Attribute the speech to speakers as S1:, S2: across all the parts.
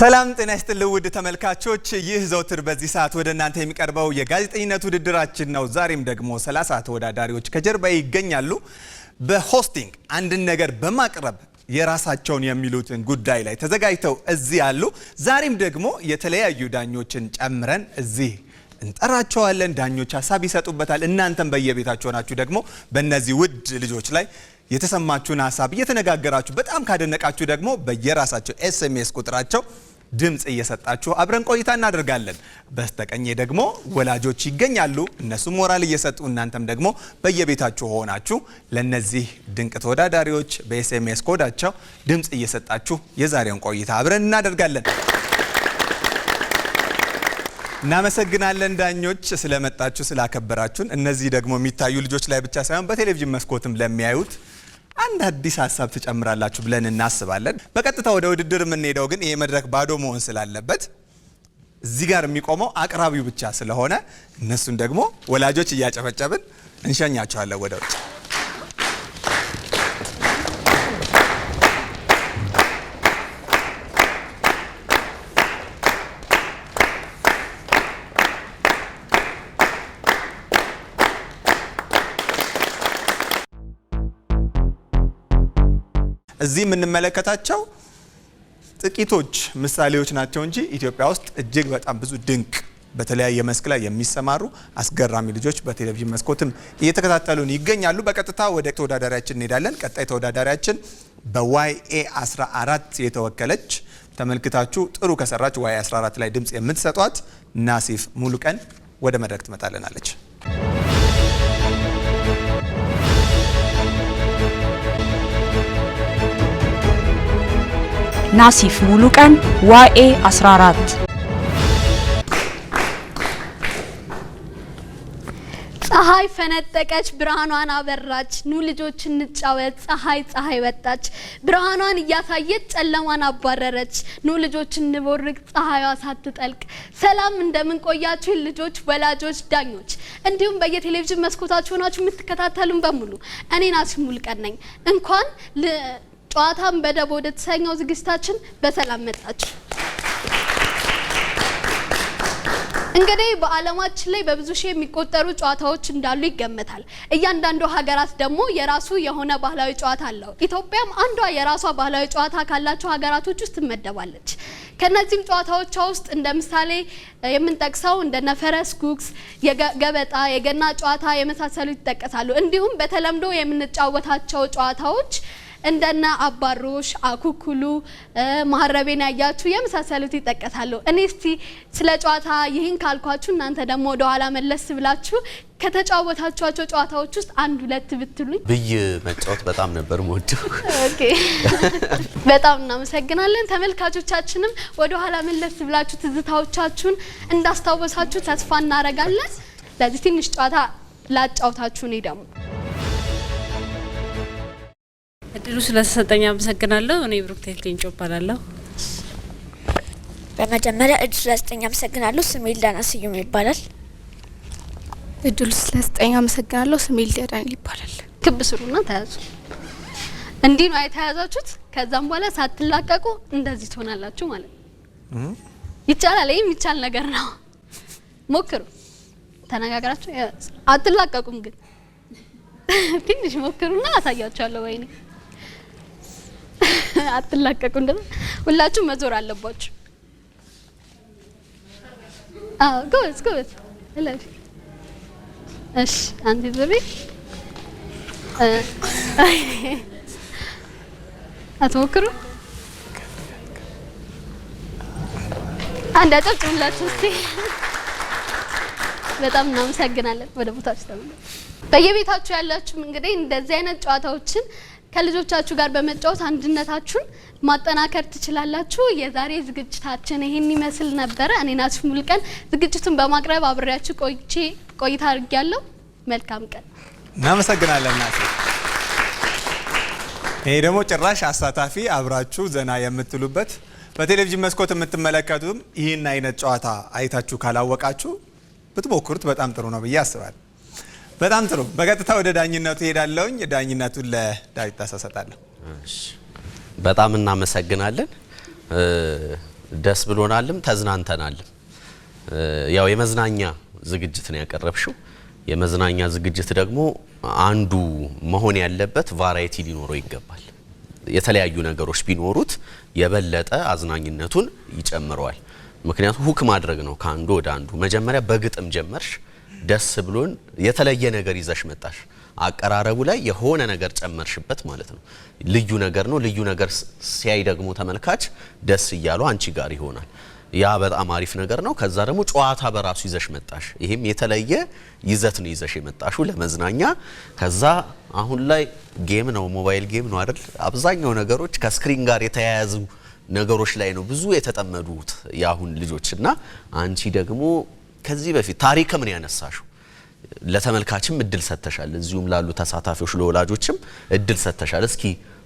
S1: ሰላም ጤና ይስጥልን ውድ ተመልካቾች፣ ይህ ዘውትር በዚህ ሰዓት ወደ እናንተ የሚቀርበው የጋዜጠኝነት ውድድራችን ነው። ዛሬም ደግሞ 30 ተወዳዳሪዎች ከጀርባ ይገኛሉ። በሆስቲንግ አንድን ነገር በማቅረብ የራሳቸውን የሚሉትን ጉዳይ ላይ ተዘጋጅተው እዚህ አሉ። ዛሬም ደግሞ የተለያዩ ዳኞችን ጨምረን እዚህ እንጠራቸዋለን። ዳኞች ሀሳብ ይሰጡበታል። እናንተም በየቤታችሁ ናችሁ ደግሞ በእነዚህ ውድ ልጆች ላይ የተሰማችሁን ሀሳብ እየተነጋገራችሁ በጣም ካደነቃችሁ ደግሞ በየራሳቸው ኤስኤምኤስ ቁጥራቸው ድምፅ እየሰጣችሁ አብረን ቆይታ እናደርጋለን። በስተቀኝ ደግሞ ወላጆች ይገኛሉ። እነሱም ሞራል እየሰጡ እናንተም ደግሞ በየቤታችሁ ሆናችሁ ለእነዚህ ድንቅ ተወዳዳሪዎች በኤስኤምኤስ ኮዳቸው ድምፅ እየሰጣችሁ የዛሬውን ቆይታ አብረን እናደርጋለን። እናመሰግናለን ዳኞች ስለመጣችሁ ስላከበራችሁን። እነዚህ ደግሞ የሚታዩ ልጆች ላይ ብቻ ሳይሆን በቴሌቪዥን መስኮትም ለሚያዩት አንድ አዲስ ሀሳብ ትጨምራላችሁ ብለን እናስባለን። በቀጥታ ወደ ውድድር የምንሄደው ግን ይሄ መድረክ ባዶ መሆን ስላለበት እዚህ ጋር የሚቆመው አቅራቢው ብቻ ስለሆነ እነሱን ደግሞ ወላጆች እያጨበጨብን እንሸኛቸዋለን ወደ ውጭ። እዚህ የምንመለከታቸው ጥቂቶች ምሳሌዎች ናቸው እንጂ ኢትዮጵያ ውስጥ እጅግ በጣም ብዙ ድንቅ በተለያየ መስክ ላይ የሚሰማሩ አስገራሚ ልጆች በቴሌቪዥን መስኮትም እየተከታተሉን ይገኛሉ። በቀጥታ ወደ ተወዳዳሪያችን እንሄዳለን። ቀጣይ ተወዳዳሪያችን በዋይኤ 14 የተወከለች ተመልክታችሁ ጥሩ ከሰራች ዋይኤ 14 ላይ ድምፅ የምትሰጧት ናሲፍ ሙሉቀን ወደ መድረክ ትመጣልናለች።
S2: ናሲፍ ሙሉቀን ዋኤ 14
S3: ፀሐይ ፈነጠቀች፣ ብርሃኗን አበራች። ኑ ልጆች እንጫወት፣ ፀሐይ ፀሐይ ወጣች። ብርሃኗን እያሳየች ጨለማን አባረረች። ኑ ልጆች እንቦርቅ፣ ፀሐይዋ ሳትጠልቅ። ሰላም እንደምን ቆያችሁ ልጆች፣ ወላጆች፣ ዳኞች እንዲሁም በየቴሌቪዥን መስኮታችሁ ሆናችሁ የምትከታተሉን በሙሉ እኔ ናሲፍ ሙሉቀን ነኝ። እንኳን ጨዋታም በደቦ ወደ ተሰኘው ዝግጅታችን በሰላም መጣችሁ። እንግዲህ በዓለማችን ላይ በብዙ ሺህ የሚቆጠሩ ጨዋታዎች እንዳሉ ይገመታል። እያንዳንዱ ሀገራት ደግሞ የራሱ የሆነ ባህላዊ ጨዋታ አለው። ኢትዮጵያም አንዷ የራሷ ባህላዊ ጨዋታ ካላቸው ሀገራቶች ውስጥ ትመደባለች። ከነዚህም ጨዋታዎቿ ውስጥ እንደ ምሳሌ የምንጠቅሰው እንደ ነፈረስ ጉግስ፣ ገበጣ፣ የገና ጨዋታ የመሳሰሉ ይጠቀሳሉ። እንዲሁም በተለምዶ የምንጫወታቸው ጨዋታዎች እንደነ አባሮሽ፣ አኩኩሉ፣ ማህረቤን ያያችሁ የመሳሰሉት ይጠቀሳሉ። እኔ እስቲ ስለ ጨዋታ ይህን ካልኳችሁ እናንተ ደግሞ ወደኋላ መለስ ብላችሁ ከተጫወታችኋቸው ጨዋታዎች ውስጥ አንድ ሁለት ብትሉኝ።
S4: ብይ መጫወት በጣም ነበር ሞዱ።
S3: በጣም እናመሰግናለን። ተመልካቾቻችንም ወደኋላ መለስ ብላችሁ ትዝታዎቻችሁን እንዳስታወሳችሁ ተስፋ እናደርጋለን። ለዚህ ትንሽ ጨዋታ ላጫውታችሁ እኔ ደግሞ
S5: እድሉ ስለተሰጠኝ አመሰግናለሁ። እኔ ብሩክ ሌንጮ እባላለሁ።
S6: በመጀመሪያ እድሉ ስለተሰጠኝ አመሰግናለሁ። ስሜ ልዳና ስዩም ይባላል።
S7: እድሉ ስለተሰጠኝ አመሰግናለሁ። ስሜ ልዳና ይባላል።
S8: ክብ ስሩና ተያዙ። እንዲህ ነው የተያዛችሁት። ከዛም በኋላ ሳትላቀቁ እንደዚህ ትሆናላችሁ ማለት ነው። ይቻላል። ይሄም ይቻል ነገር ነው። ሞክሩ። ተነጋግራችሁ አትላቀቁም፣ ግን ትንሽ ሞክሩና አሳያችኋለሁ። ወይኔ አትላቀቁ። እንደዛ ሁላችሁ መዞር አለባችሁ። አዎ፣ ጎበዝ ጎበዝ። እሺ፣ አንቲ ዙሪ። አትሞክሩ። አንድ አጨብጭቡላችሁ እስቲ። በጣም እናመሰግናለን። ወደ ቦታችሁ ተመለሱ። በየቤታችሁ ያላችሁም እንግዲህ እንደዚህ አይነት ጨዋታዎችን ከልጆቻችሁ ጋር በመጫወት አንድነታችሁን ማጠናከር ትችላላችሁ። የዛሬ ዝግጅታችን ይህን ይመስል ነበረ። እኔ ናችሁ ሙልቀን ዝግጅቱን በማቅረብ አብሬያችሁ ቆይቼ ቆይታ አድርጌያለሁ። መልካም ቀን።
S1: እናመሰግናለን ናት። ይሄ ደግሞ ጭራሽ አሳታፊ አብራችሁ ዘና የምትሉበት በቴሌቪዥን መስኮት የምትመለከቱም ይህን አይነት ጨዋታ አይታችሁ ካላወቃችሁ ብትሞክሩት በጣም ጥሩ ነው ብዬ አስባለሁ። በጣም ጥሩ። በቀጥታ ወደ ዳኝነቱ ሄዳለውኝ ዳኝነቱን ለዳዊት ጣሰው ሰጣለሁ።
S4: በጣም እናመሰግናለን። ደስ ብሎናልም ተዝናንተናልም። ያው የመዝናኛ ዝግጅት ነው ያቀረብሽው። የመዝናኛ ዝግጅት ደግሞ አንዱ መሆን ያለበት ቫራይቲ ሊኖረው ይገባል። የተለያዩ ነገሮች ቢኖሩት የበለጠ አዝናኝነቱን ይጨምረዋል። ምክንያቱም ሁክ ማድረግ ነው ከአንዱ ወደ አንዱ። መጀመሪያ በግጥም ጀመርሽ ደስ ብሎን የተለየ ነገር ይዘሽ መጣሽ። አቀራረቡ ላይ የሆነ ነገር ጨመርሽበት ማለት ነው። ልዩ ነገር ነው። ልዩ ነገር ሲያይ ደግሞ ተመልካች ደስ እያሉ አንቺ ጋር ይሆናል። ያ በጣም አሪፍ ነገር ነው። ከዛ ደግሞ ጨዋታ በራሱ ይዘሽ መጣሽ። ይህም የተለየ ይዘት ነው ይዘሽ የመጣሹ ለመዝናኛ። ከዛ አሁን ላይ ጌም ነው ሞባይል ጌም ነው አይደል? አብዛኛው ነገሮች ከስክሪን ጋር የተያያዙ ነገሮች ላይ ነው ብዙ የተጠመዱት የአሁን ልጆች እና አንቺ ደግሞ ከዚህ በፊት ታሪክ ነው ያነሳሹ ለተመልካችም እድል ሰጥተሻል፣ እዚሁም ላሉ ተሳታፊዎች ለወላጆችም እድል ሰጥተሻል። እስኪ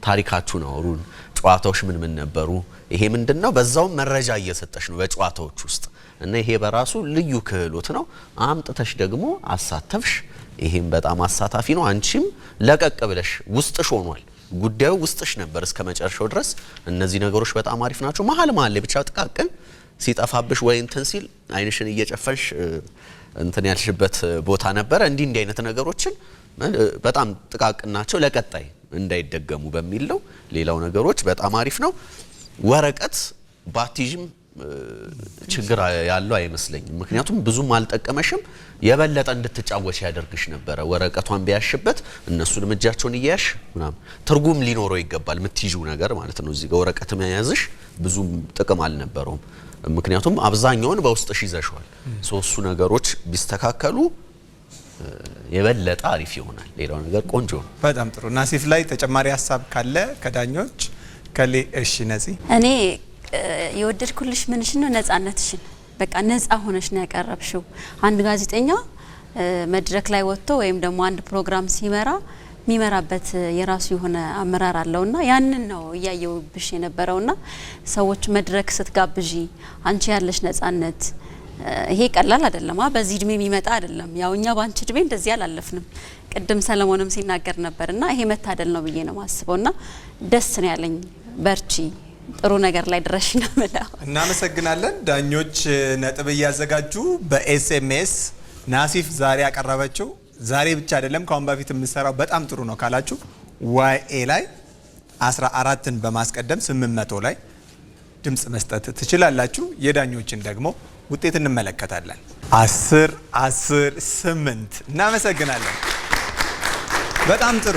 S4: ታሪካችሁን አውሩን። ጨዋታዎች ምን ምን ነበሩ? ይሄ ነው? በዛውም መረጃ እየሰጠሽ ነው በጨዋታዎች ውስጥ እና ይሄ በራሱ ልዩ ክህሎት ነው። አምጥተሽ ደግሞ አሳተፍሽ። ይሄም በጣም አሳታፊ ነው። አንቺም ለቀቅ ብለሽ ውስጥሽ ሆኗል ጉዳዩ ውስጥሽ ነበር እስከ መጨረሻው ድረስ። እነዚህ ነገሮች በጣም አሪፍ ናቸው። መሀል መሀል ላይ ብቻ ጥቃቅን ሲጠፋብሽ ወይ እንትን ሲል አይንሽን እየጨፈልሽ እንትን ያልሽበት ቦታ ነበረ። እንዲህ እንዲህ አይነት ነገሮችን በጣም ጥቃቅን ናቸው፣ ለቀጣይ እንዳይደገሙ በሚል ነው። ሌላው ነገሮች በጣም አሪፍ ነው። ወረቀት ባቲዥም ችግር ያለው አይመስለኝም። ምክንያቱም ብዙም አልጠቀመሽም። የበለጠ እንድትጫወች ያደርግሽ ነበረ። ወረቀቷን ቢያሽበት እነሱ እጃቸውን እያያሽ ምናምን ትርጉም ሊኖረው ይገባል። የምትይዥው ነገር ማለት ነው። እዚህ ጋር ወረቀት መያዝሽ ብዙም ጥቅም አልነበረውም። ምክንያቱም አብዛኛውን በውስጥ ሽ ሶስቱ ነገሮች ቢስተካከሉ የበለጠ አሪፍ ይሆናል። ሌላው ነገር ቆንጆ ነው።
S1: በጣም ጥሩ። ናሲፍ ላይ ተጨማሪ ሀሳብ ካለ ከዳኞች ከሌ እሺ፣ ነዚህ
S9: እኔ የወደድኩልሽ ምንሽ ነው ነጻነትሽን። በቃ ነጻ ሆነሽ ነው ያቀረብሽው። አንድ ጋዜጠኛ መድረክ ላይ ወጥቶ ወይም ደግሞ አንድ ፕሮግራም ሲመራ የሚመራበት የራሱ የሆነ አመራር አለው ና ያንን ነው እያየው ብሽ የነበረው ና ሰዎች መድረክ ስትጋብዢ አንቺ ያለሽ ነጻነት ይሄ ቀላል አይደለም። በዚህ እድሜ የሚመጣ አይደለም። ያው እኛ በአንቺ እድሜ እንደዚህ አላለፍንም። ቅድም ሰለሞንም ሲናገር ነበርና ይሄ መታደል ነው ብዬ ነው ና ደስ ነው ያለኝ። በርቺ ጥሩ ነገር ላይ ድረሽ ነው ምለው።
S1: እናመሰግናለን። ዳኞች ነጥብ እያዘጋጁ በኤስኤምኤስ ናሲፍ ዛሬ ያቀረበችው ዛሬ ብቻ አይደለም ከአሁን በፊት የምሰራው በጣም ጥሩ ነው ካላችሁ ዋይኤ ላይ 14ን በማስቀደም 800 ላይ ድምፅ መስጠት ትችላላችሁ። የዳኞችን ደግሞ ውጤት እንመለከታለን። 10 10 8 እናመሰግናለን። በጣም ጥሩ።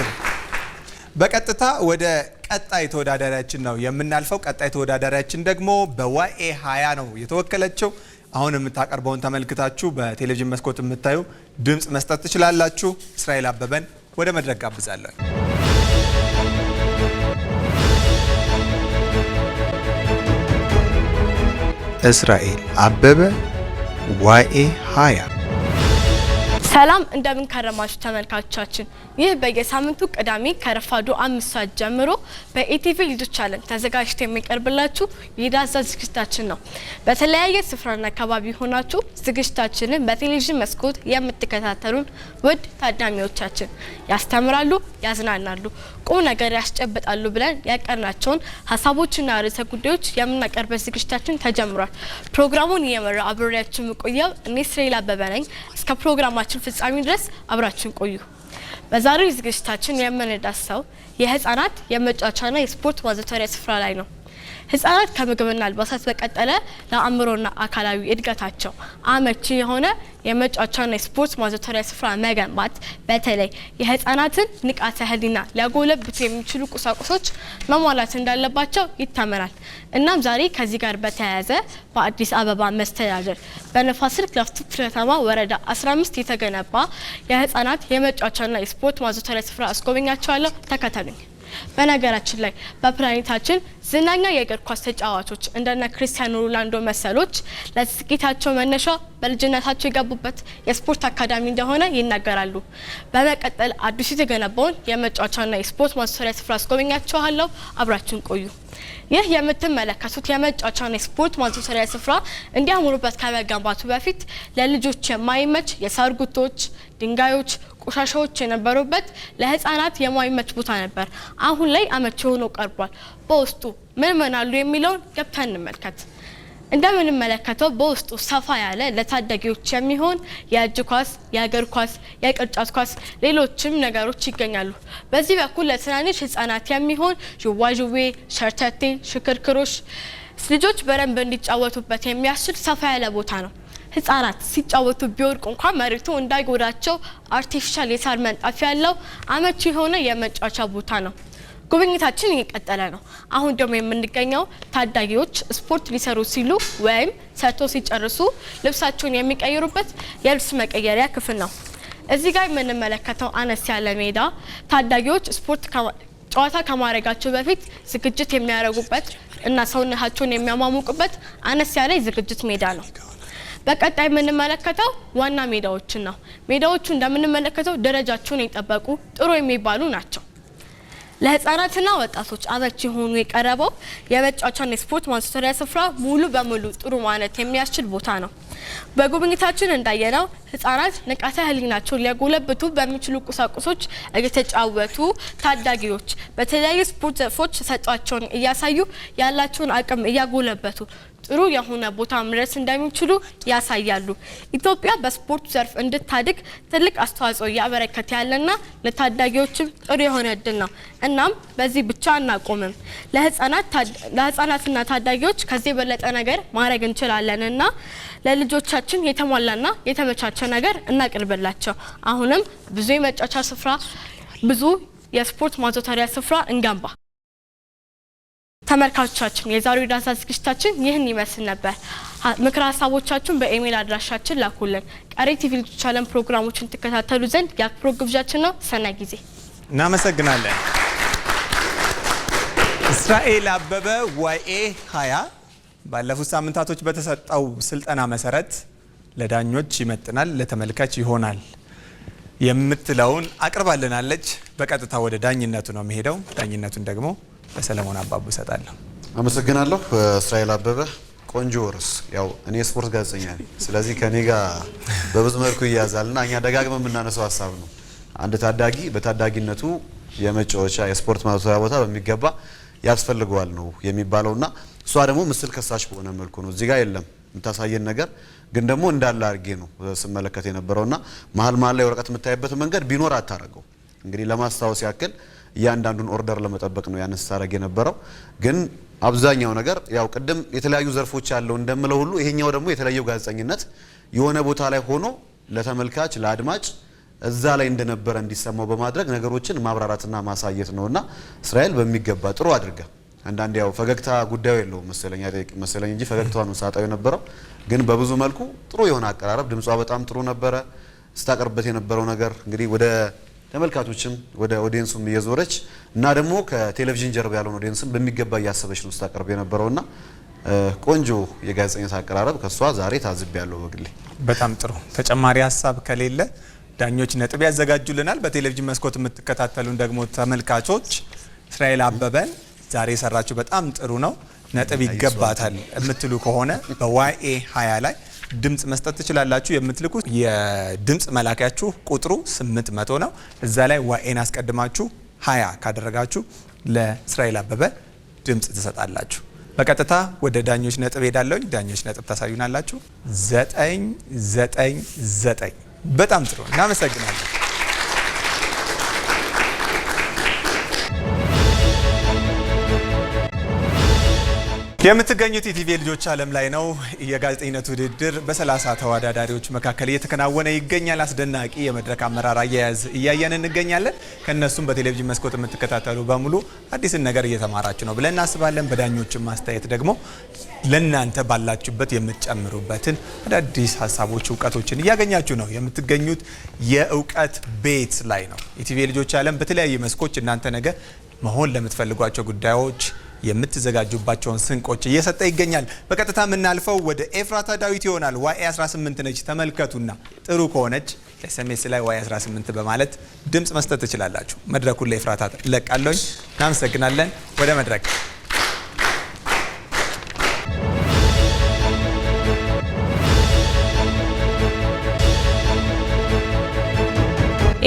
S1: በቀጥታ ወደ ቀጣይ ተወዳዳሪያችን ነው የምናልፈው። ቀጣይ ተወዳዳሪያችን ደግሞ በዋይኤ 20 ነው የተወከለችው። አሁን የምታቀርበውን ተመልክታችሁ በቴሌቪዥን መስኮት የምታዩ ድምፅ መስጠት ትችላላችሁ። እስራኤል አበበን ወደ መድረክ ጋብዛለን። እስራኤል አበበ ዋኤ 20
S10: ሰላም እንደምን ከረማችሁ ተመልካቾቻችን። ይህ በየሳምንቱ ቅዳሜ ከረፋዱ አምስት ሰዓት ጀምሮ በኢቲቪ ልጆች ዓለም ተዘጋጅቶ የሚቀርብላችሁ የዳዛ ዝግጅታችን ነው። በተለያየ ስፍራና አካባቢ ሆናችሁ ዝግጅታችንን በቴሌቪዥን መስኮት የምትከታተሉን ውድ ታዳሚዎቻችን ያስተምራሉ፣ ያዝናናሉ፣ ቁም ነገር ያስጨብጣሉ ብለን ያቀናቸውን ሀሳቦችና ርዕሰ ጉዳዮች የምናቀርበት ዝግጅታችን ተጀምሯል። ፕሮግራሙን እየመራ አብሬያችሁ የምቆየው እኔ ስሬላ አበበ ነኝ። እስከ ፕሮግራማችን ፍጻሜ ድረስ አብራችን ቆዩ። በዛሬው ዝግጅታችን የምንዳሰው የህፃናት የመጫወቻና የስፖርት ማዘውተሪያ ስፍራ ላይ ነው። ህጻናት ከምግብና አልባሳት በቀጠለ ለአእምሮና አካላዊ እድገታቸው አመቺ የሆነ የመጫወቻና የስፖርት ማዘውተሪያ ስፍራ መገንባት በተለይ የህጻናትን ንቃተ ህሊና ሊያጎለብቱ የሚችሉ ቁሳቁሶች መሟላት እንዳለባቸው ይታመናል። እናም ዛሬ ከዚህ ጋር በተያያዘ በአዲስ አበባ መስተዳደር በነፋስ ስልክ ላፍቶ ክፍለ ከተማ ወረዳ 15 የተገነባ የህጻናት የመጫወቻና የስፖርት ማዘውተሪያ ስፍራ አስጎበኛቸዋለሁ። ተከተሉኝ። በነገራችን ላይ በፕላኔታችን ዝነኛ የእግር ኳስ ተጫዋቾች እንደነ ክርስቲያኖ ሮናልዶ መሰሎች ለስኬታቸው መነሻ በልጅነታቸው የገቡበት የስፖርት አካዳሚ እንደሆነ ይናገራሉ። በመቀጠል አዲሱ የተገነባውን የመጫወቻና የስፖርት ማሰሪያ ስፍራ አስጎበኛችኋለሁ። አብራችን ቆዩ። ይህ የምትመለከቱት የመጫወቻና የስፖርት ማዘውተሪያ ስፍራ እንዲያምሩበት ከመገንባቱ በፊት ለልጆች የማይመች የሳር ድንጋዮች ቆሻሻዎች የነበሩበት ለህፃናት የማይመች ቦታ ነበር። አሁን ላይ አመቺ ሆኖ ቀርቧል። በውስጡ ምን ምን አሉ የሚለውን ገብተን እንመልከት። እንደምንመለከተው በውስጡ ሰፋ ያለ ለታዳጊዎች የሚሆን የእጅ ኳስ፣ የእግር ኳስ፣ የቅርጫት ኳስ፣ ሌሎችም ነገሮች ይገኛሉ። በዚህ በኩል ለትናንሽ ህጻናት የሚሆን ዥዋዥዌ፣ ሸርተቴ፣ ሽክርክሮች ልጆች በደንብ እንዲጫወቱበት የሚያስችል ሰፋ ያለ ቦታ ነው። ህጻናት ሲጫወቱ ቢወድቁ እንኳን መሬቱ እንዳይጎዳቸው አርቲፊሻል የሳር መንጣፍ ያለው አመቺ የሆነ የመጫወቻ ቦታ ነው። ጉብኝታችን እየቀጠለ ነው። አሁን ደግሞ የምንገኘው ታዳጊዎች ስፖርት ሊሰሩ ሲሉ ወይም ሰርቶ ሲጨርሱ ልብሳቸውን የሚቀይሩበት የልብስ መቀየሪያ ክፍል ነው። እዚህ ጋር የምንመለከተው አነስ ያለ ሜዳ ታዳጊዎች ስፖርት ጨዋታ ከማድረጋቸው በፊት ዝግጅት የሚያደርጉበት እና ሰውነታቸውን የሚያሟሙቁበት አነስ ያለ የዝግጅት ሜዳ ነው። በቀጣይ የምንመለከተው ዋና ሜዳዎችን ነው። ሜዳዎቹ እንደምንመለከተው ደረጃቸውን የጠበቁ ጥሩ የሚባሉ ናቸው። ለህፃናትና ወጣቶች አመቺ የሆኑ የቀረበው የመጫወቻና የስፖርት ማንስቶሪያ ስፍራ ሙሉ በሙሉ ጥሩ ማለት የሚያስችል ቦታ ነው። በጉብኝታችን እንዳየነው ህጻናት ንቃተ ህሊናቸውን ሊያጎለብቱ በሚችሉ ቁሳቁሶች እየተጫወቱ ታዳጊዎች በተለያዩ ስፖርት ዘርፎች ተሰጧቸውን እያሳዩ ያላቸውን አቅም እያጎለበቱ ጥሩ የሆነ ቦታ መድረስ እንደሚችሉ ያሳያሉ። ኢትዮጵያ በስፖርት ዘርፍ እንድታድግ ትልቅ አስተዋጽኦ እያበረከተ ያለና ለታዳጊዎችም ጥሩ የሆነ እድል ነው። እናም በዚህ ብቻ አናቆምም። ለህጻናትና ታዳጊዎች ከዚህ የበለጠ ነገር ማድረግ እንችላለንና ለልጆቻችን የተሟላና የተመቻቸ ነገር እናቅርብላቸው። አሁንም ብዙ የመጫወቻ ስፍራ፣ ብዙ የስፖርት ማዘውተሪያ ስፍራ እንገንባ። ተመልካቾቻችን የዛሬው ዳንሳ ዝግጅታችን ይህን ይመስል ነበር። ምክር ሀሳቦቻችሁን በኢሜይል አድራሻችን ላኩልን። ቀሪ ቲቪ ልጆች ዓለም ፕሮግራሞችን ትከታተሉ ዘንድ የአክብሮ ግብዣችን ነው። ሰናይ ጊዜ።
S1: እናመሰግናለን። እስራኤል አበበ ዋይኤ 20 ባለፉት ሳምንታቶች በተሰጠው ስልጠና መሰረት ለዳኞች ይመጥናል፣ ለተመልካች ይሆናል የምትለውን አቅርባልናለች። በቀጥታ ወደ ዳኝነቱ ነው የሚሄደው። ዳኝነቱን ደግሞ ለሰለሞን አባቡ እሰጣለሁ።
S11: አመሰግናለሁ እስራኤል አበበ። ቆንጆ ርዕስ። ያው እኔ ስፖርት ጋዜጠኛ ነኝ፣ ስለዚህ ከኔ ጋር በብዙ መልኩ ይያዛልና እኛ ደጋግመ የምናነሳው ሀሳብ ነው። አንድ ታዳጊ በታዳጊነቱ የመጫወቻ የስፖርት ማዘውተሪያ ቦታ በሚገባ ያስፈልገዋል ነው የሚባለውና እሷ ደግሞ ምስል ከሳሽ በሆነ መልኩ ነው እዚህ የለም የምታሳየን ነገር ግን ደግሞ እንዳለ አድርጌ ነው ስመለከት የነበረውና መሀል መሀል ላይ ወረቀት የምታይበት መንገድ ቢኖር አታረገው። እንግዲህ ለማስታወስ ያክል እያንዳንዱን ኦርደር ለመጠበቅ ነው ያነሳ ረግ የነበረው ግን አብዛኛው ነገር ያው ቅድም የተለያዩ ዘርፎች ያለው እንደምለው ሁሉ ይሄኛው ደግሞ የተለየው ጋዜጠኝነት የሆነ ቦታ ላይ ሆኖ ለተመልካች ለአድማጭ እዛ ላይ እንደነበረ እንዲሰማው በማድረግ ነገሮችን ማብራራትና ማሳየት ነውና እስራኤል በሚገባ ጥሩ አድርጋ አንዳንድ ያው ፈገግታ ጉዳዩ የለውም ጠይቅ መሰለኝ እንጂ ፈገግታዋ ነው ሳጣው የነበረው። ግን በብዙ መልኩ ጥሩ የሆነ አቀራረብ፣ ድምጿ በጣም ጥሩ ነበረ። ስታቀርበት የነበረው ነገር እንግዲህ ወደ ተመልካቾችም ወደ ኦዲየንሱም እየዞረች እና ደግሞ ከቴሌቪዥን ጀርባ ያለውን ኦዲየንስም በሚገባ እያሰበች ነው ስታቀርብ የነበረውና ቆንጆ የጋዜጠኝነት አቀራረብ ከእሷ ዛሬ ታዝብ ያለው በግሌ
S1: በጣም ጥሩ። ተጨማሪ ሀሳብ ከሌለ ዳኞች ነጥብ ያዘጋጁልናል። በቴሌቪዥን መስኮት የምትከታተሉን ደግሞ ተመልካቾች እስራኤል አበበን ዛሬ የሰራችሁ በጣም ጥሩ ነው፣ ነጥብ ይገባታል የምትሉ ከሆነ በዋኤ 20 ላይ ድምፅ መስጠት ትችላላችሁ። የምትልኩት የድምፅ መላኪያችሁ ቁጥሩ 800 ነው። እዛ ላይ ዋኤን አስቀድማችሁ 20 ካደረጋችሁ ለእስራኤል አበበ ድምፅ ትሰጣላችሁ። በቀጥታ ወደ ዳኞች ነጥብ ሄዳለሁኝ። ዳኞች ነጥብ ታሳዩናላችሁ። ዘጠኝ ዘጠኝ ዘጠኝ። በጣም ጥሩ እናመሰግናለን። የምትገኙት ኢቲቪ ልጆች ዓለም ላይ ነው። የጋዜጠኝነት ውድድር በሰላሳ ተወዳዳሪዎች መካከል እየተከናወነ ይገኛል። አስደናቂ የመድረክ አመራር አያያዝ እያየን እንገኛለን። ከእነሱም በቴሌቪዥን መስኮት የምትከታተሉ በሙሉ አዲስን ነገር እየተማራችሁ ነው ብለን እናስባለን። በዳኞችን ማስተያየት ደግሞ ለእናንተ ባላችሁበት የምትጨምሩበትን አዳዲስ ሀሳቦች፣ እውቀቶችን እያገኛችሁ ነው። የምትገኙት የእውቀት ቤት ላይ ነው። የቲቪ ልጆች ዓለም በተለያዩ መስኮች እናንተ ነገ መሆን ለምትፈልጓቸው ጉዳዮች የምትዘጋጁባቸውን ስንቆች እየሰጠ ይገኛል። በቀጥታ የምናልፈው ወደ ኤፍራታ ዳዊት ይሆናል። ዋኤ 18 ነች። ተመልከቱና ጥሩ ከሆነች ኤስኤምኤስ ላይ ዋኤ 18 በማለት ድምፅ መስጠት ትችላላችሁ። መድረኩን ለኤፍራታ ለቃለኝ። እናመሰግናለን። ወደ መድረክ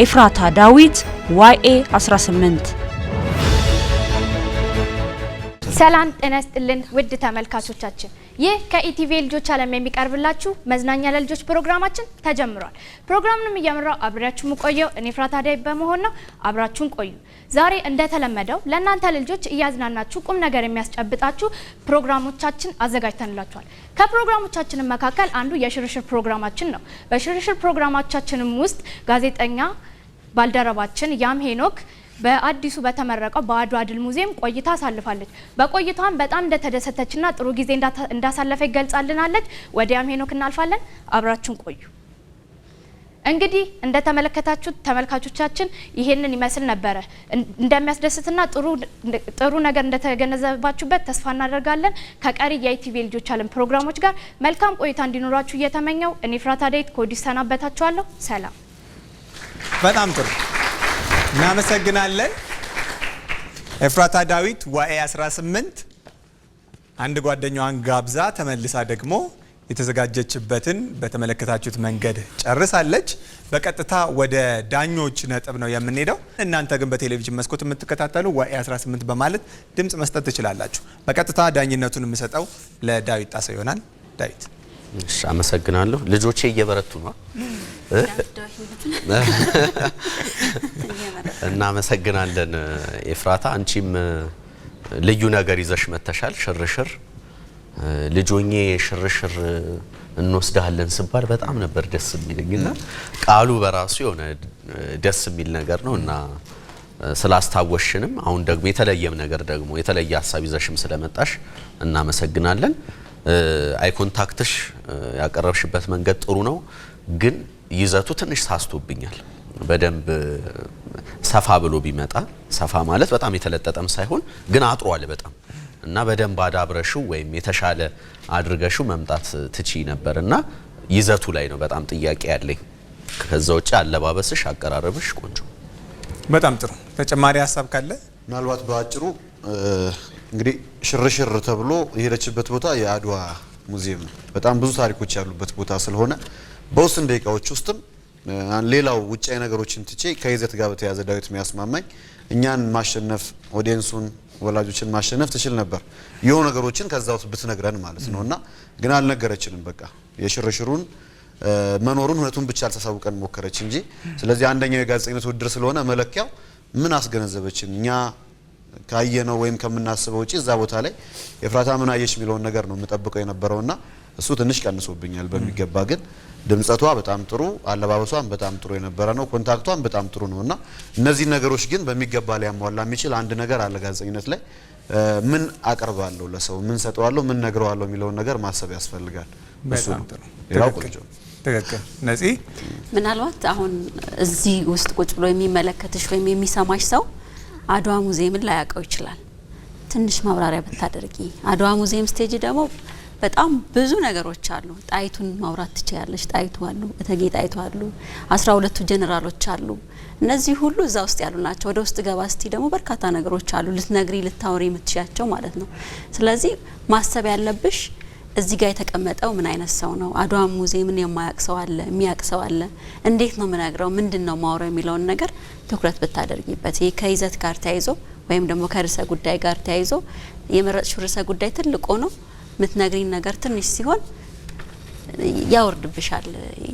S12: ኤፍራታ ዳዊት ዋኤ 18 ሰላም ጤና ይስጥልን ውድ ተመልካቾቻችን፣ ይህ ከኢቲቪ ልጆች ዓለም የሚቀርብላችሁ መዝናኛ ለልጆች ፕሮግራማችን ተጀምሯል። ፕሮግራሙንም እየመራው አብሬያችሁ የምቆየው እኔ ፍራት አዳይ በመሆን ነው። አብራችሁን ቆዩ። ዛሬ እንደተለመደው ለእናንተ ልጆች እያዝናናችሁ ቁም ነገር የሚያስጨብጣችሁ ፕሮግራሞቻችን አዘጋጅተንላችኋል። ከፕሮግራሞቻችን መካከል አንዱ የሽርሽር ፕሮግራማችን ነው። በሽርሽር ፕሮግራሞቻችንም ውስጥ ጋዜጠኛ ባልደረባችን ያም ሄኖክ በአዲሱ በተመረቀው በአድዋ ድል ሙዚየም ቆይታ አሳልፋለች። በቆይታም በጣም እንደተደሰተችና ጥሩ ጊዜ እንዳሳለፈ ይገልጻልናለች። ወዲያም ሄኖክ እናልፋለን። አብራችሁን ቆዩ። እንግዲህ እንደተመለከታችሁት ተመልካቾቻችን ይሄንን ይመስል ነበረ። እንደሚያስደስትና ጥሩ ጥሩ ነገር እንደተገነዘባችሁበት ተስፋ እናደርጋለን። ከቀሪ የኢቲቪ ልጆች አለም ፕሮግራሞች ጋር መልካም ቆይታ እንዲኖራችሁ እየተመኘው እኔ ፍራታ ዳዊት ከወዲህ ሰናበታችኋለሁ። ሰላም።
S1: በጣም ጥሩ እናመሰግናለን። ኤፍራታ ዳዊት ዋኤ 18 አንድ ጓደኛዋን ጋብዛ ተመልሳ ደግሞ የተዘጋጀችበትን በተመለከታችሁት መንገድ ጨርሳለች። በቀጥታ ወደ ዳኞች ነጥብ ነው የምንሄደው። እናንተ ግን በቴሌቪዥን መስኮት የምትከታተሉ ዋኤ 18 በማለት ድምፅ መስጠት ትችላላችሁ። በቀጥታ ዳኝነቱን የምሰጠው ለዳዊት ጣሰው ይሆናል። ዳዊት
S4: እሺ፣ አመሰግናለሁ። ልጆቼ እየበረቱ ነው። እናመሰግናለን ኤፍራታ። አንቺም ልዩ ነገር ይዘሽ መተሻል። ሽርሽር ልጆኜ ሽርሽር እንወስዳለን ስባል በጣም ነበር ደስ የሚልኝና ቃሉ በራሱ የሆነ ደስ የሚል ነገር ነው እና ስላስታወሽንም አሁን ደግሞ የተለየም ነገር ደግሞ የተለየ ሀሳብ ይዘሽም ስለመጣሽ እናመሰግናለን። አይኮንታክትሽ ያቀረብሽበት መንገድ ጥሩ ነው፣ ግን ይዘቱ ትንሽ ሳስቶብኛል። በደንብ ሰፋ ብሎ ቢመጣ ሰፋ ማለት በጣም የተለጠጠም ሳይሆን ግን አጥሯል በጣም እና በደንብ አዳብረሽው ወይም የተሻለ አድርገሽው መምጣት ትቺ ነበር እና ይዘቱ ላይ ነው በጣም ጥያቄ ያለኝ። ከዛ ውጭ አለባበስሽ፣ አቀራረብሽ ቆንጆ።
S1: በጣም ጥሩ። ተጨማሪ ሀሳብ ካለ
S11: ምናልባት በአጭሩ እንግዲህ ሽርሽር ተብሎ የሄደችበት ቦታ የአድዋ ሙዚየም ነው። በጣም ብዙ ታሪኮች ያሉበት ቦታ ስለሆነ በውስን ደቂቃዎች ውስጥም ሌላው ውጫዊ ነገሮችን ትቼ ከይዘት ጋር በተያያዘ ዳዊት የሚያስማማኝ እኛን ማሸነፍ ኦዲየንሱን ወላጆችን ማሸነፍ ትችል ነበር። የሆኑ ነገሮችን ከዛ ውስጥ ብትነግረን ማለት ነው እና ግን አልነገረችንም። በቃ የሽርሽሩን መኖሩን እውነቱን ብቻ አልተሳውቀን ሞከረች እንጂ። ስለዚህ አንደኛው የጋዜጠኝነት ውድድር ስለሆነ መለኪያው ምን አስገነዘበችን እኛ ካየነው ወይም ከምናስበው ውጪ እዛ ቦታ ላይ የፍራታ ምን አየሽ የሚለውን ነገር ነው የምጠብቀው የነበረውና እሱ ትንሽ ቀንሶብኛል። በሚገባ ግን ድምጸቷ በጣም ጥሩ፣ አለባበሷም በጣም ጥሩ የነበረ ነው። ኮንታክቷም በጣም ጥሩ ነው እና እነዚህ ነገሮች ግን በሚገባ ሊያሟላ የሚችል አንድ ነገር አለ ጋዜጠኝነት ላይ ምን አቀርባለሁ ለሰው ምን ሰጠዋለሁ ምን ነግረዋለሁ የሚለውን ነገር ማሰብ ያስፈልጋል።
S1: እሱ ነው ትክክል ነፂ
S9: ምናልባት አሁን እዚህ ውስጥ ቁጭ ብሎ የሚመለከትሽ ወይም የሚሰማሽ ሰው አድዋ ሙዚየምን ላያውቀው ይችላል። ትንሽ ማብራሪያ ብታደርጊ። አድዋ ሙዚየም ስቴጅ ደግሞ በጣም ብዙ ነገሮች አሉ። ጣይቱን ማውራት ትችያለሽ። ጣይቱ አሉ፣ እቴጌ ጣይቱ አሉ፣ አስራ ሁለቱ ጀኔራሎች አሉ። እነዚህ ሁሉ እዛ ውስጥ ያሉ ናቸው። ወደ ውስጥ ገባ ስቲ ደግሞ በርካታ ነገሮች አሉ ልትነግሪ ልታወሪ የምትችያቸው ማለት ነው። ስለዚህ ማሰብ ያለብሽ እዚህ ጋር የተቀመጠው ምን አይነት ሰው ነው? አድዋ ሙዚየምን የማያውቅ ሰው አለ? የሚያውቅ ሰው አለ? እንዴት ነው የምነግረው ምንድን ነው ማውረው የሚለውን ነገር ትኩረት ብታደርጊበት፣ ይህ ከይዘት ጋር ተያይዞ ወይም ደግሞ ከርዕሰ ጉዳይ ጋር ተያይዞ የመረጥሽው ርዕሰ ጉዳይ ትልቁ ነው። የምትነግሪኝ ነገር ትንሽ ሲሆን ያወርድብሻል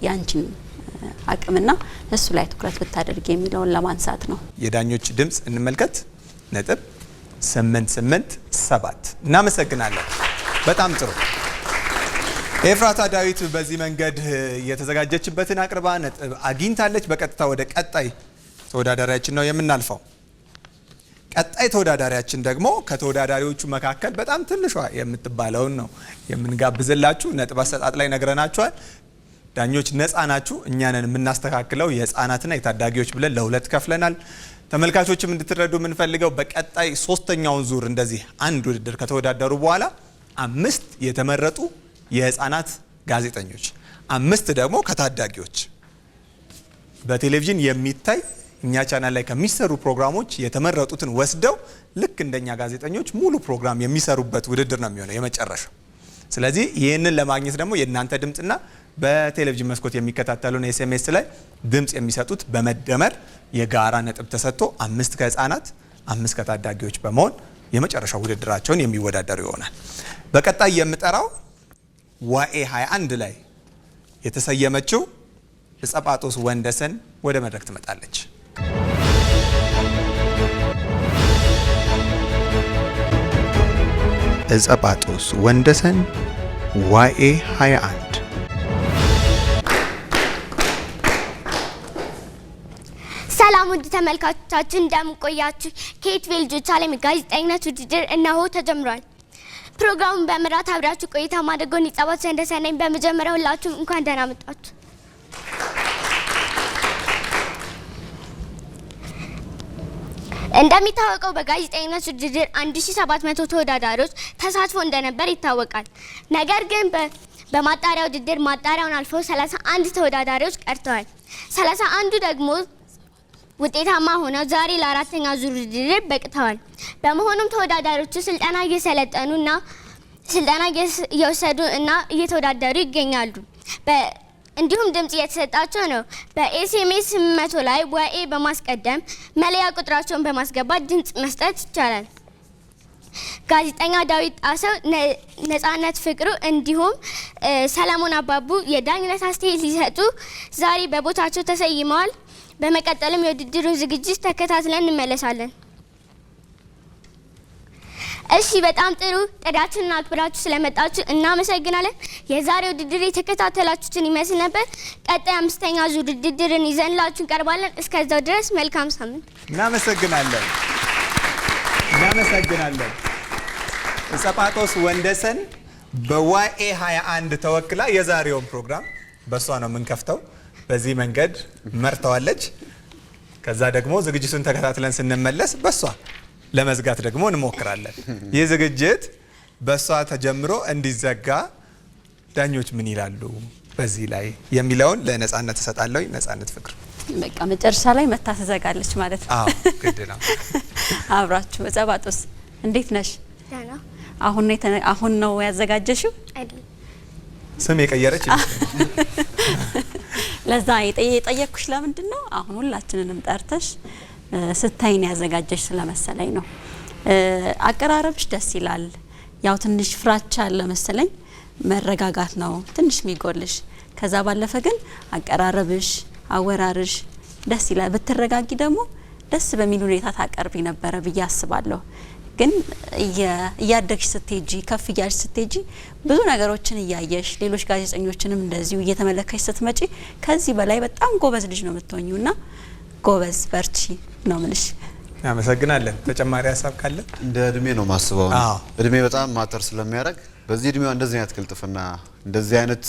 S9: ያንቺን አቅምና እሱ ላይ ትኩረት ብታደርግ የሚለውን ለማንሳት ነው።
S1: የዳኞች ድምፅ እንመልከት። ነጥብ ስምንት ስምንት ሰባት እናመሰግናለን። በጣም ጥሩ ኤፍራታ ዳዊት በዚህ መንገድ የተዘጋጀችበትን አቅርባ ነጥብ አግኝታለች። በቀጥታ ወደ ቀጣይ ተወዳዳሪያችን ነው የምናልፈው። ቀጣይ ተወዳዳሪያችን ደግሞ ከተወዳዳሪዎቹ መካከል በጣም ትንሿ የምትባለውን ነው የምንጋብዝላችሁ። ነጥብ አሰጣጥ ላይ ነግረናችኋል። ዳኞች ነፃ ናችሁ፣ እኛንን የምናስተካክለው የህፃናትና የታዳጊዎች ብለን ለሁለት ከፍለናል። ተመልካቾችም እንድትረዱ የምንፈልገው በቀጣይ ሶስተኛውን ዙር እንደዚህ አንድ ውድድር ከተወዳደሩ በኋላ አምስት የተመረጡ የህፃናት ጋዜጠኞች፣ አምስት ደግሞ ከታዳጊዎች በቴሌቪዥን የሚታይ እኛ ቻናል ላይ ከሚሰሩ ፕሮግራሞች የተመረጡትን ወስደው ልክ እንደኛ ጋዜጠኞች ሙሉ ፕሮግራም የሚሰሩበት ውድድር ነው የሚሆነው የመጨረሻው። ስለዚህ ይህንን ለማግኘት ደግሞ የእናንተ ድምፅና በቴሌቪዥን መስኮት የሚከታተሉን ኤስኤምኤስ ላይ ድምፅ የሚሰጡት በመደመር የጋራ ነጥብ ተሰጥቶ አምስት ከህፃናት አምስት ከታዳጊዎች በመሆን የመጨረሻው ውድድራቸውን የሚወዳደሩ ይሆናል። በቀጣይ የምጠራው ዋኤ 21 ላይ የተሰየመችው ዕፀጳጦስ ወንደሰን ወደ መድረክ ትመጣለች። ዕፀጳጦስ ወንደሰን ዋኤ 21
S13: ሰላም ውድ ተመልካቾቻችን እንደምቆያችሁ። ከኢቲቪ ልጆች ዓለም የጋዜጠኝነት ውድድር እነሆ ተጀምሯል። ፕሮግራሙን በምራት አብራችሁ ቆይታ ማድረጎን ይጻባች እንደሰነኝ በመጀመሪያ ሁላችሁም እንኳን ደህና መጣችሁ። እንደሚታወቀው በጋዜጠኝነት ውድድር 1700 ተወዳዳሪዎች ተሳትፎ እንደነበር ይታወቃል። ነገር ግን በማጣሪያ ውድድር ማጣሪያውን አልፈው 31 ተወዳዳሪዎች ቀርተዋል። 31ዱ ደግሞ ውጤታማ ሆነው ዛሬ ለአራተኛ ዙር ድርድር በቅተዋል። በመሆኑም ተወዳዳሪዎቹ ስልጠና እየሰለጠኑና ስልጠና እየወሰዱ እና እየተወዳደሩ ይገኛሉ። እንዲሁም ድምጽ እየተሰጣቸው ነው። በኤስኤምኤስ መቶ ላይ ወኤ በማስቀደም መለያ ቁጥራቸውን በማስገባት ድምጽ መስጠት ይቻላል። ጋዜጠኛ ዳዊት ጣሰው፣ ነጻነት ፍቅሩ እንዲሁም ሰለሞን አባቡ የዳኝነት አስተያየት ሲሰጡ ዛሬ በቦታቸው ተሰይመዋል። በመቀጠልም የውድድሩ ዝግጅት ተከታትለን እንመለሳለን። እሺ፣ በጣም ጥሩ። ጥሪያችንን አክብራችሁ ስለመጣችሁ እናመሰግናለን። የዛሬ ውድድር የተከታተላችሁትን ይመስል ነበር። ቀጣይ አምስተኛ ዙር ውድድርን ይዘንላችሁ እንቀርባለን። እስከዛው ድረስ መልካም ሳምንት።
S1: እናመሰግናለን። እናመሰግናለን። እጸጳጦስ ወንደሰን በዋኤ 21 ተወክላ የዛሬውን ፕሮግራም በእሷ ነው የምንከፍተው። በዚህ መንገድ መርተዋለች። ከዛ ደግሞ ዝግጅቱን ተከታትለን ስንመለስ በሷ ለመዝጋት ደግሞ እንሞክራለን። ይህ ዝግጅት በሷ ተጀምሮ እንዲዘጋ ዳኞች ምን ይላሉ በዚህ ላይ የሚለውን ለነጻነት እሰጣለሁ። ነጻነት ፍቅር
S9: በቃ መጨረሻ ላይ መታ ትዘጋለች ማለት
S1: ነው። ግድ ነው።
S9: አብራችሁ በጸባጦስ እንዴት ነሽ? አሁን ነው ያዘጋጀሽው? ስም የቀየረች ለዛ የጠየቅኩሽ ለምንድን ነው? አሁን ሁላችንንም ጠርተሽ ስታይን ያዘጋጀሽ ስለመሰለኝ ነው። አቀራረብሽ ደስ ይላል። ያው ትንሽ ፍራቻ አለ መሰለኝ፣ መረጋጋት ነው ትንሽ የሚጎልሽ። ከዛ ባለፈ ግን አቀራረብሽ፣ አወራርሽ ደስ ይላል። ብትረጋጊ ደግሞ ደስ በሚል ሁኔታ ታቀርቢ ነበረ ብዬ አስባለሁ። ግን እያደግሽ ስትጂ ከፍ እያልሽ ስትጂ ብዙ ነገሮችን እያየሽ ሌሎች ጋዜጠኞችንም እንደዚሁ እየተመለከች ስትመጪ ከዚህ በላይ በጣም ጎበዝ ልጅ ነው የምትሆኙ ና ጎበዝ በርቺ ነው ምልሽ።
S1: አመሰግናለን። ተጨማሪ ሀሳብ ካለ
S11: እንደ እድሜ ነው ማስበው። እድሜ በጣም ማተር ስለሚያደርግ በዚህ እድሜዋ እንደዚህ አይነት ቅልጥፍና እንደዚህ አይነት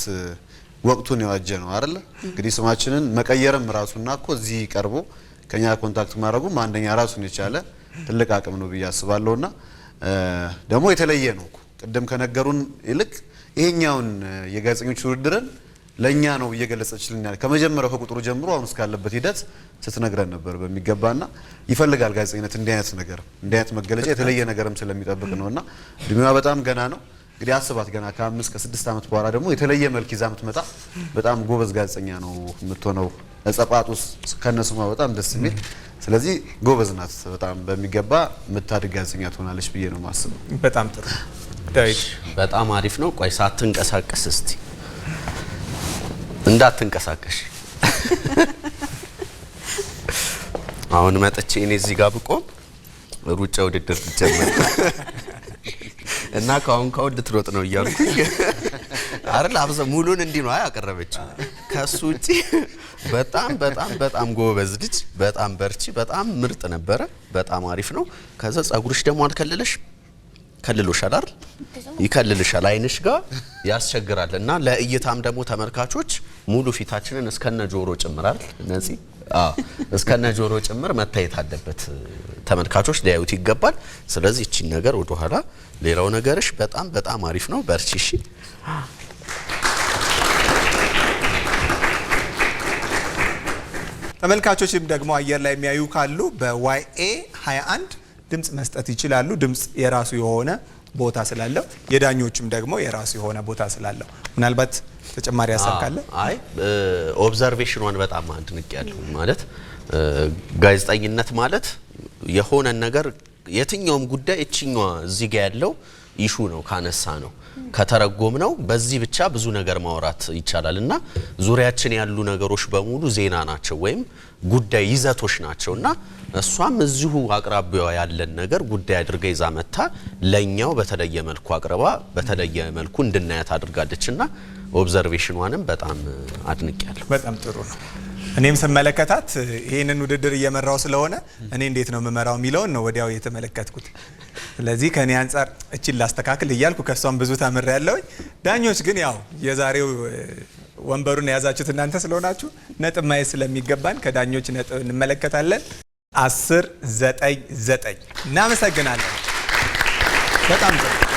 S11: ወቅቱን የዋጀ ነው አይደለ? እንግዲህ ስማችንን መቀየርም ራሱና እኮ እዚህ ቀርቦ ከኛ ኮንታክት ማድረጉም አንደኛ ራሱን የቻለ ትልቅ አቅም ነው ብዬ አስባለሁ። እና ደግሞ የተለየ ነው። ቅድም ከነገሩን ይልቅ ይሄኛውን የጋዜጠኞች ውድድርን ለእኛ ነው እየገለጸችልን ያለ ከመጀመሪያው ከቁጥሩ ጀምሮ አሁን እስካለበት ሂደት ስትነግረን ነበር በሚገባና ይፈልጋል ጋዜጠኝነት እንዲህ አይነት ነገር እንዲህ አይነት መገለጫ የተለየ ነገርም ስለሚጠብቅ ነው ና እድሜዋ በጣም ገና ነው እንግዲህ አስባት ገና ከአምስት ከስድስት ዓመት በኋላ ደግሞ የተለየ መልክ ይዛ ምትመጣ በጣም ጎበዝ ጋዜጠኛ ነው የምትሆነው። ነጸ ከነሱማ በጣም ደስ የሚል ስለዚህ ጎበዝ ናት በጣም በሚገባ የምታድግ ጋዜጠኛ ትሆናለች ብዬ ነው የማስበው።
S1: በጣም ጥሩ ዳዊት፣
S4: በጣም አሪፍ ነው። ቆይ ሳትንቀሳቀስ እስቲ እንዳትንቀሳቀሽ። አሁን መጥቼ እኔ እዚህ ጋር ብቆም ሩጫ ውድድር ትጀምር እና ካሁን ካሁን ልትሮጥ ነው እያልኩኝ አይደል? አብዛ ሙሉን እንዲህ ነው አይ አቀረበችው ከሱ ውጪ በጣም በጣም በጣም ጎበዝ ልጅ፣ በጣም በርቺ፣ በጣም ምርጥ ነበረ። በጣም አሪፍ ነው። ከዚ ጸጉርሽ ደግሞ አልከልልሽ ከልሎሻል አይደል? ይከልልሻል አይንሽ ጋር ያስቸግራል። እና ለእይታም ደግሞ ተመልካቾች ሙሉ ፊታችንን እስከነ ጆሮ ጭምር አይደል ነፂ? እስከነ ጆሮ ጭምር መታየት አለበት። ተመልካቾች ሊያዩት ይገባል። ስለዚህ እቺን ነገር ወደኋላ። ሌላው ነገርሽ በጣም በጣም አሪፍ ነው። በርቺ እሺ።
S1: ተመልካቾችም ደግሞ አየር ላይ የሚያዩ ካሉ በዋይኤ 21 ድምፅ መስጠት ይችላሉ። ድምፅ የራሱ የሆነ ቦታ ስላለው የዳኞችም ደግሞ የራሱ የሆነ ቦታ ስላለው ምናልባት ተጨማሪ ሀሳብ ካለ
S4: አይ ኦብዘርቬሽኗን በጣም አድንቅ ያለሁ ማለት ጋዜጠኝነት ማለት የሆነን ነገር የትኛውም ጉዳይ እችኛ እዚህ ጋ ያለው ኢሹ ነው ካነሳ ነው ከተረጎም ነው በዚህ ብቻ ብዙ ነገር ማውራት ይቻላል እና ዙሪያችን ያሉ ነገሮች በሙሉ ዜና ናቸው ወይም ጉዳይ ይዘቶች ናቸው እና እሷም እዚሁ አቅራቢዋ ያለን ነገር ጉዳይ አድርገ ይዛ መታ ለእኛው በተለየ መልኩ አቅርባ በተለየ መልኩ እንድናያት አድርጋለች እና ኦብዘርቬሽኗንም በጣም ያለሁ
S1: በጣም ጥሩ ነው። እኔም ስመለከታት ይህንን ውድድር እየመራው ስለሆነ እኔ እንዴት ነው የምመራው የሚለውን ነው ወዲያው የተመለከትኩት። ስለዚህ ከኔ አንጻር እችን ላስተካክል እያልኩ ከሷም ብዙ ተምር ያለውኝ። ዳኞች ግን ያው የዛሬው ወንበሩን የያዛችሁት እናንተ ስለሆናችሁ ነጥብ ማየት ስለሚገባን ከዳኞች ነጥብ እንመለከታለን። አስር ዘጠኝ ዘጠኝ እናመሰግናለን። በጣም ጥሩ